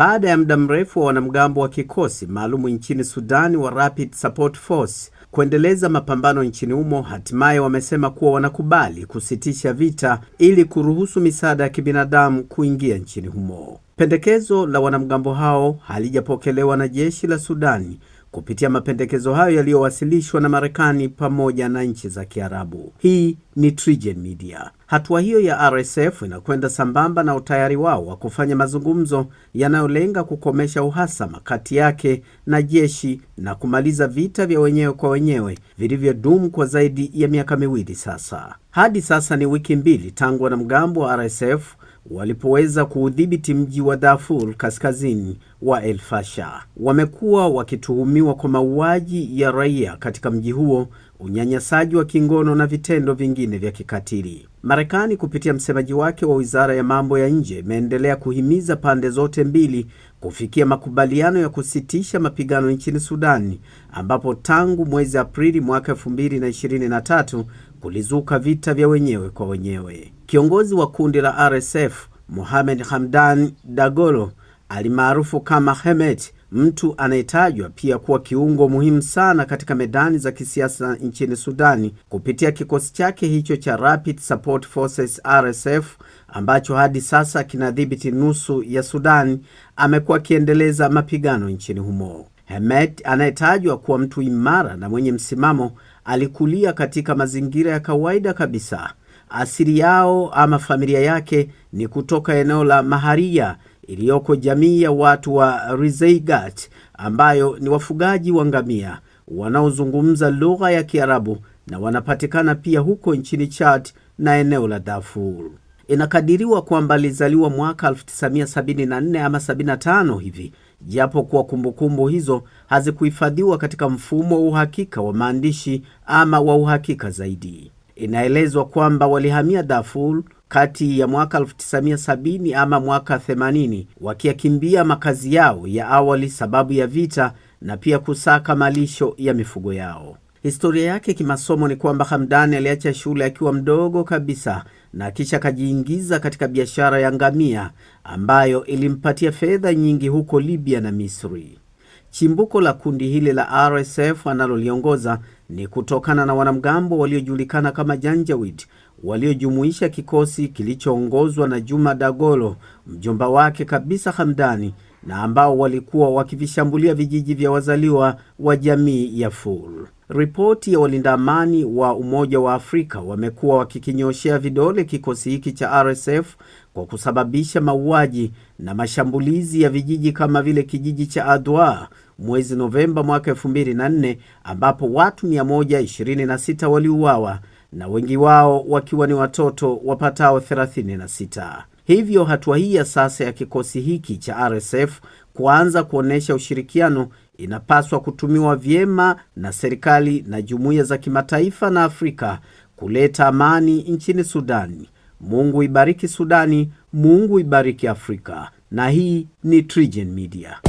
baada ya muda mrefu wa wanamgambo wa kikosi maalumu nchini Sudani wa Rapid Support Force kuendeleza mapambano nchini humo, hatimaye wamesema kuwa wanakubali kusitisha vita ili kuruhusu misaada ya kibinadamu kuingia nchini humo. Pendekezo la wanamgambo hao halijapokelewa na jeshi la Sudani kupitia mapendekezo hayo yaliyowasilishwa na Marekani pamoja na nchi za Kiarabu. Hii ni TriGen Media. Hatua hiyo ya RSF inakwenda sambamba na utayari wao wa kufanya mazungumzo yanayolenga kukomesha uhasama kati yake na jeshi na kumaliza vita vya wenyewe kwa wenyewe vilivyodumu kwa zaidi ya miaka miwili sasa. Hadi sasa ni wiki mbili tangu wanamgambo wa RSF walipoweza kuudhibiti mji wa Darfur kaskazini wa El Wamekuwa wakituhumiwa kwa mauaji ya raia katika mji huo, unyanyasaji wa kingono na vitendo vingine vya kikatili. Marekani kupitia msemaji wake wa Wizara ya Mambo ya Nje imeendelea kuhimiza pande zote mbili kufikia makubaliano ya kusitisha mapigano nchini Sudani ambapo tangu mwezi Aprili mwaka 2023 kulizuka vita vya wenyewe kwa wenyewe. Kiongozi wa kundi la RSF Mohamed Hamdan Dagolo alimaarufu kama Hemet, mtu anayetajwa pia kuwa kiungo muhimu sana katika medani za kisiasa nchini Sudani kupitia kikosi chake hicho cha Rapid Support Forces RSF ambacho hadi sasa kinadhibiti nusu ya Sudani, amekuwa akiendeleza mapigano nchini humo. Hemet anayetajwa kuwa mtu imara na mwenye msimamo alikulia katika mazingira ya kawaida kabisa. Asili yao ama familia yake ni kutoka eneo la Maharia iliyoko jamii ya watu wa Rizeigat ambayo ni wafugaji wa ngamia wanaozungumza lugha ya Kiarabu na wanapatikana pia huko nchini Chad na eneo la Darfur. Inakadiriwa kwamba alizaliwa mwaka 1974 ama 75 hivi japo kuwa kumbukumbu hizo hazikuhifadhiwa katika mfumo wa uhakika wa maandishi ama wa uhakika zaidi. Inaelezwa kwamba walihamia Darfur kati ya mwaka 1970 ama mwaka 80 wakiyakimbia makazi yao ya awali sababu ya vita na pia kusaka malisho ya mifugo yao. Historia yake kimasomo ni kwamba Hamdani aliacha shule akiwa mdogo kabisa na kisha akajiingiza katika biashara ya ngamia ambayo ilimpatia fedha nyingi huko Libya na Misri. Chimbuko la kundi hili la RSF analoliongoza ni kutokana na wanamgambo waliojulikana kama Janjaweed waliojumuisha kikosi kilichoongozwa na Juma Dagolo, mjomba wake kabisa Hamdani na ambao walikuwa wakivishambulia vijiji vya wazaliwa wa jamii ya Ful. Ripoti ya walinda amani wa Umoja wa Afrika wamekuwa wakikinyoshea vidole kikosi hiki cha RSF kwa kusababisha mauaji na mashambulizi ya vijiji kama vile kijiji cha Adwa mwezi Novemba mwaka 2004 ambapo watu 126 waliuawa na wengi wao wakiwa ni watoto wapatao 36. Hivyo hatua hii ya sasa ya kikosi hiki cha RSF kuanza kuonyesha ushirikiano inapaswa kutumiwa vyema na serikali na jumuiya za kimataifa na Afrika kuleta amani nchini Sudani. Mungu ibariki Sudani, Mungu ibariki Afrika. Na hii ni TriGen Media.